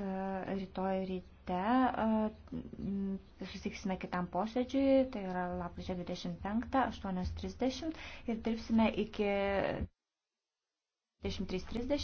E, rytoj ryte e, susitiksime kitam posėdžiui, tai yra lapkričio 25, 8.30 ir dirbsime iki 23.30.